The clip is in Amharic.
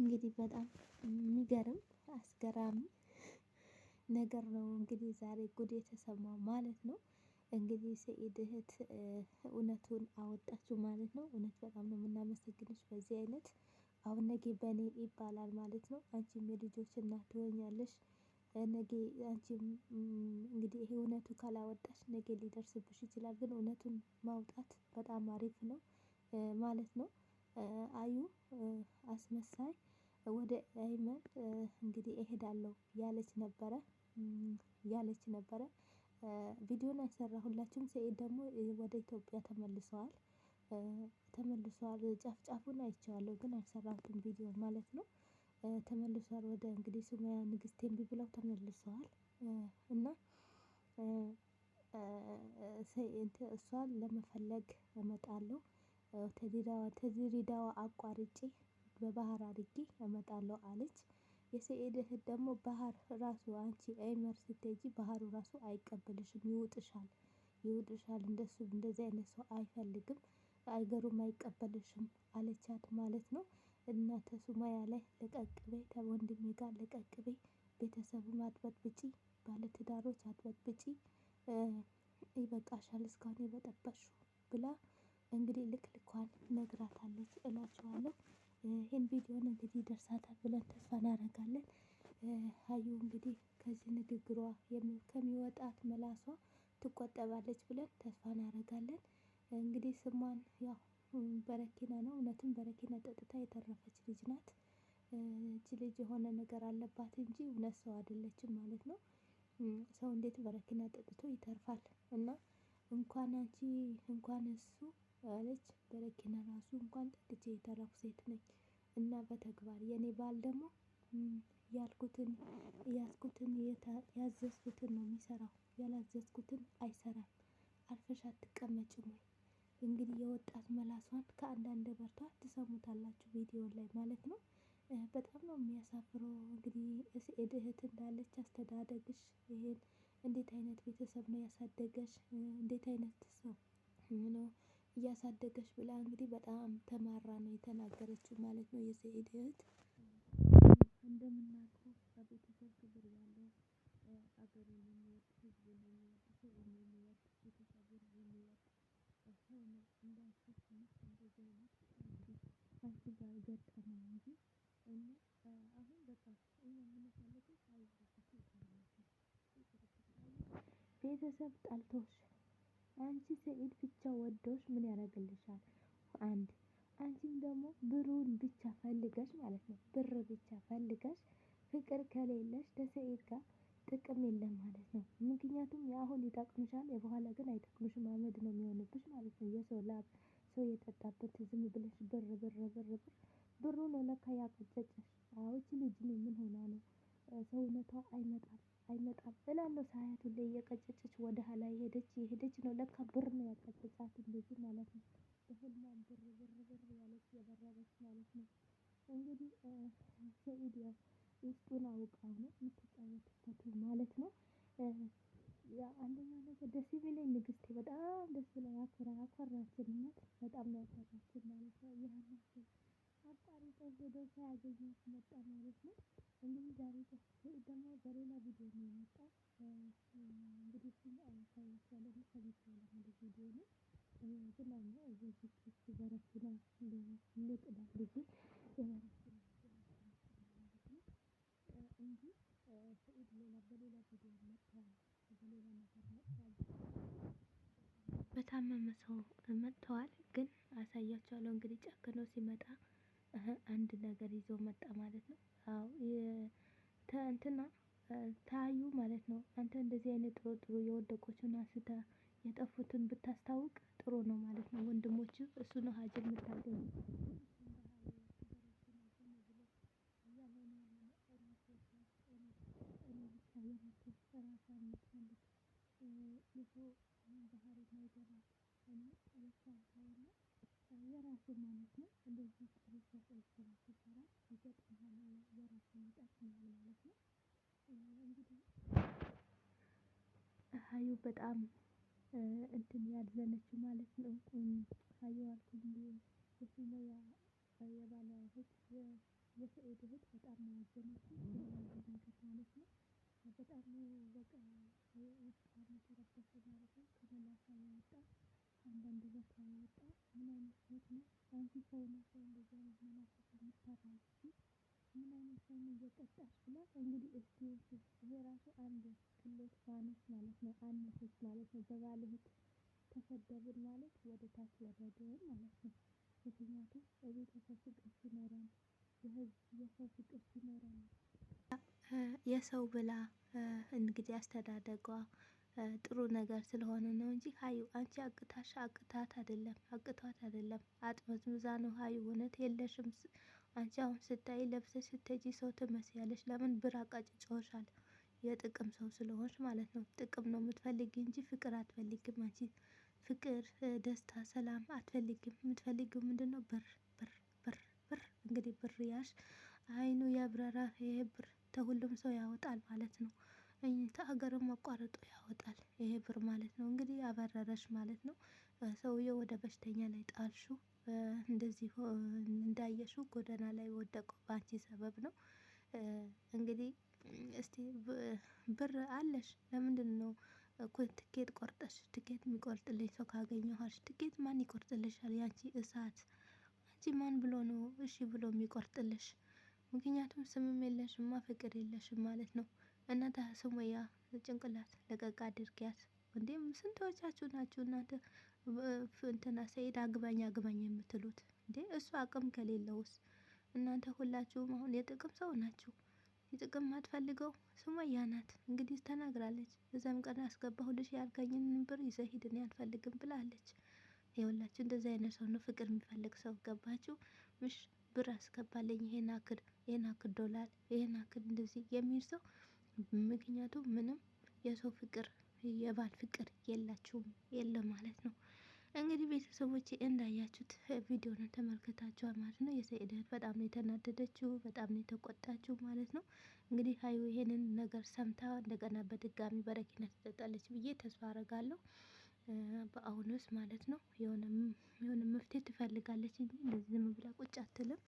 Jadi pada ini garam as garam. ነገር ነው እንግዲህ ዛሬ ጉድ የተሰማው ማለት ነው። እንግዲህ ሰኢድ እህት እውነቱን አወጣችሁ ማለት ነው። እውነት በጣም ነው የምናመሰግንሽ በዚህ አይነት አሁን ነጌ በኔ ይባላል ማለት ነው። አንቺም የልጆች እናት ትሆኛለሽ። ነገ አንቺም እንግዲህ ይሄ እውነቱ ካላወጣሽ ነገ ሊደርስብሽ ይችላል። ግን እውነቱን ማውጣት በጣም አሪፍ ነው ማለት ነው። አዩ አስመሳይ ወደ አይመን እንግዲህ እሄዳለሁ ያለች ነበረ ያለች ነበረ። ቪዲዮን ያሰራሁላችሁም ሰኢድ ደግሞ ወደ ኢትዮጵያ ተመልሰዋል ተመልሰዋል። ጫፍ ጫፉን አይቼዋለሁ ግን አልሰራሁትም ቪዲዮ ማለት ነው። ተመልሰዋል ወደ እንግዲህ ሱማያ ንግስት እምቢ ብለው ተመልሰዋል። እና ሰኢድ እሷን ለመፈለግ እመጣለሁ። ተድሬዳዋ አቋርጬ በባህር አድርጌ እመጣለሁ አለች። የሰኢድ እህት ደግሞ ባህር ራሱ አንቺ ኤመር ስትሄጂ ባህሩ ራሱ አይቀበልሽም፣ ይውጥሻል፣ ይውጥሻል። እንደሱ እንደዚህ አይነት ሰው አይፈልግም፣ አገሩም አይቀበልሽም አለቻት ማለት ነው። እናተ ሱማያ ላይ ለቀቅቤ ከወንድሜ ጋር ለቀቅቤ ቤተሰብም አትበጥብጪ፣ ባለትዳሮች አትበጥብጪ፣ ይበቃሻል፣ እስካሁን የበጠበጥሽው ብላ እንግዲህ ልክ ነግራታለች እላችኋለሁ። ይህን ቪዲዮን እንግዲህ ደርሳታል ብለን ተስፋ እናደርጋለን። ሀዩ እንግዲህ ከዚህ ንግግሯ ከሚወጣት መላሷ ትቆጠባለች ብለን ተስፋ እናደርጋለን። እንግዲህ ስሟን ያው በረኪና ነው። እውነትም በረኪና ጠጥታ የተረፈች ልጅ ናት። እቺ ልጅ የሆነ ነገር አለባት እንጂ እውነት ሰው አይደለችም ማለት ነው። ሰው እንዴት በረኪና ጠጥቶ ይተርፋል? እና እንኳን አንቺ እንኳን እሱ አለች። በረኪና ራሱ እንኳን ጠጥቼ የተረፍኩ ሴት ነኝ እና በተግባር የኔ ባል ደግሞ ያልኩትን ያዝኩትን ያዘዝኩትን ነው የሚሰራው። ያላዘዝኩትን አይሰራም። አርፈሽ አትቀመጭም ወይ? እንግዲህ የወጣት መላሷን ከአንዳንድ በርቷ ትሰሙታላችሁ ቪዲዮ ላይ ማለት ነው። በጣም ነው የሚያሳፍረው። እንግዲህ እስኤድ እህት እንዳለች አስተዳደግሽ ይሄን እንዴት አይነት ቤተሰብ ነው ያሳደገሽ? እንዴት አይነት ሰው ነው እያሳደገች ብላ እንግዲህ በጣም ተማራ ነው የተናገረችው ማለት ነው። የሰኢድ እህት እንደምናውቀው በቤተሰብ ክብር ያለው አገር የሚወድ የሚወድ የሚወድ ቤተሰብን የሚወድ ሰው ነው። እንዳንቺ እንደዚህ አይነት ጋር እንጂ እና አሁን በቃ እኛ የምንፈልገው ቤተሰብ ጣልቶሽ አንቺ ሰኢድ ብቻ ወዶሽ ምን ያደርግልሻል? አንድ አንቺም ደግሞ ብሩን ብቻ ፈልገሽ ማለት ነው። ብር ብቻ ፈልገሽ ፍቅር ከሌለሽ ከሰኢድ ጋር ጥቅም የለም ማለት ነው። ምክንያቱም የአሁን ይጠቅምሻል፣ የበኋላ ግን አይጠቅምሽም። አመድ ነው የሚሆንብሽ ማለት ነው። የሰው ላብ ሰው የጠጣበት ዝም ብለሽ ብር አይመጣም እላለሁ። ሳያት ሁሌ እየቀጨጨች ወደ ኋላ የሄደች የሄደች ነው። ለካ ብር ነው ያቀጨጫት እንደዚህ ማለት ነው። በህልሟ ብር ብር ብር ያለች የበረበች ማለት ነው። እንግዲህ ሰኢድ ውስጡን አውቃው ነው የምትጫወትበት ማለት ነው። አንደኛ ነገር ደስ የሚለኝ ንግስቴ በጣም ደስ ብሎኝ አኮራችን። በጣም ነው ያኮራችን ማለት ነው። አቋርጦ ሄዶ ሳያገኛት መጣ ማለት ነው። እንግዲህ ዛሬ ደግሞ በሌላ ቪዲዮ ነው የመጣው። እንግዲህ እሱም ነው ከቤት ያለ ቪዲዮ ነው። ግን አሁን እዚህ ክፍት በረኪና ልጥላ ልጅ የበረኪና ነው እንጂ ሰኢድ ሌላ በሌላ ቪዲዮ መጥተዋል። በሌላ ነገር መጥተዋል። በታመመ ሰው መጥተዋል። ግን አሳያቸዋለሁ እንግዲህ ጨክኖ ሲመጣ አንድ ነገር ይዞ መጣ ማለት ነው። አዎ እንትና ታዩ ማለት ነው። አንተ እንደዚህ አይነት ጥሩ ጥሩ የወደቁትን አንስተ የጠፉትን ብታስታውቅ ጥሩ ነው ማለት ነው። ወንድሞች እሱ ነው ሀጅር የምታገኝ የራሱ ማለት ነው። እንደዚህ ፕሮሰስ ስራ ሲሰራ ይገጥማል የራሱን ይጠቅማል ማለት ነው። እንግዲህ ሀዩ በጣም እንትን ያዘነች ማለት ነው። ሀዩ አልኩኝ የሱመያ የባለ እህት የሰኢድ እህት በጣም ነው እንዲህ ከሆነ ሰው እንደዚህ አይነት መናፍስት የምታራምጪ ምን አይነት ሰው ነው እየቀጣሽ ብላ እንግዲህ እስቲ ይሄ ራሱ አንድ ቅሌት ባነች ማለት ነው። አነሰች ማለት ነው። በባልህት ተሰደብን ማለት ወደ ታች ወረድን ማለት ነው። ምክንያቱም የቤተሰብ ፍቅር ሲኖረን የሰው ፍቅር ሲኖረን የሰው ብላ እንግዲህ አስተዳደጓ ጥሩ ነገር ስለሆነ ነው እንጂ ሀዩ አንቺ አቅታሽ አቅታት አይደለም አቅቷት አይደለም አጥመዝምዛ ነው ሀዩ እውነት የለሽም። አንቺ አሁን ስታይ ለብሰሽ ስትሄጂ ሰው ትመስያለሽ። ለምን ብር አቃጭጨውሻል። የጥቅም ሰው ስለሆንሽ ማለት ነው። ጥቅም ነው የምትፈልጊ እንጂ ፍቅር አትፈልጊም። አንቺ ፍቅር፣ ደስታ፣ ሰላም አትፈልጊም። የምትፈልጊው ምንድን ነው? ብር ብር ብር ብር። እንግዲህ ብር ያሽ አይኑ ያብረራ። ይሄ ብር ተሁሉም ሰው ያወጣል ማለት ነው። ከሀገርም አቋርጦ ያወጣል ይሄ ብር ማለት ነው። እንግዲህ አበረረሽ ማለት ነው። ሰውየው ወደ በሽተኛ ላይ ጣልሹ እንደዚህ እንዳየሹ ጎዳና ላይ ወደቀው በአንቺ ሰበብ ነው። እንግዲህ እስቲ ብር አለሽ ለምንድን ነው? ትኬት ቆርጠሽ ትኬት የሚቆርጥልኝ ሰው ካገኘኋሽ ትኬት ማን ይቆርጥልሻል? ያቺ እሳት አንቺ ማን ብሎ ነው እሺ ብሎ የሚቆርጥልሽ? ምክንያቱም ስምም የለሽማ ፍቅር የለሽም ማለት ነው እናንተ ሱመያ ጭንቅላት ለቀቅ አድርጊያት። እንዴም ስንቶቻችሁ ናችሁ እናንተ እንትና ሰኢድ አግባኝ አግባኝ የምትሉት እንዴ? እሱ አቅም ከሌለውስ እናንተ ሁላችሁም አሁን የጥቅም ሰው ናችሁ። የጥቅም ማትፈልገው ሱመያ ናት። እንግዲህ ተናግራለች። እዛም ቀን አስገባሁልሽ ያልከኝን ብር ይዘ ሂድ፣ እኔ አልፈልግም ብላለች። የሁላችሁ እንደዚህ አይነት ሰው ነው ፍቅር የሚፈልግ ሰው ገባችሁ? ምሽ ብር አስገባልኝ፣ ይሄን አክል ይሄን አክል ዶላር፣ ይሄን አክል እንደዚህ የሚል ሰው ምክንያቱም ምንም የሰው ፍቅር የባል ፍቅር የላቸውም የለም ማለት ነው። እንግዲህ ቤተሰቦች እንዳያችሁት ቪዲዮን ተመልከታችኋል ማለት ነው። የሰኢድ እህት በጣም ነው የተናደደችው፣ በጣም ነው የተቆጣችው ማለት ነው። እንግዲህ ሀይሚ ይሄንን ነገር ሰምታ እንደገና በድጋሚ በረኪና ትጠጣለች ብዬ ተስፋ አረጋለሁ። በአሁኑስ ማለት ነው የሆነ መፍትሄ ትፈልጋለች እንጂ እንደዚህ ዝም ብላ ቁጭ አትልም።